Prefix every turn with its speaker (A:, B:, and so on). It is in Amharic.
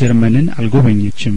A: ጀርመንን አልጎበኘችም።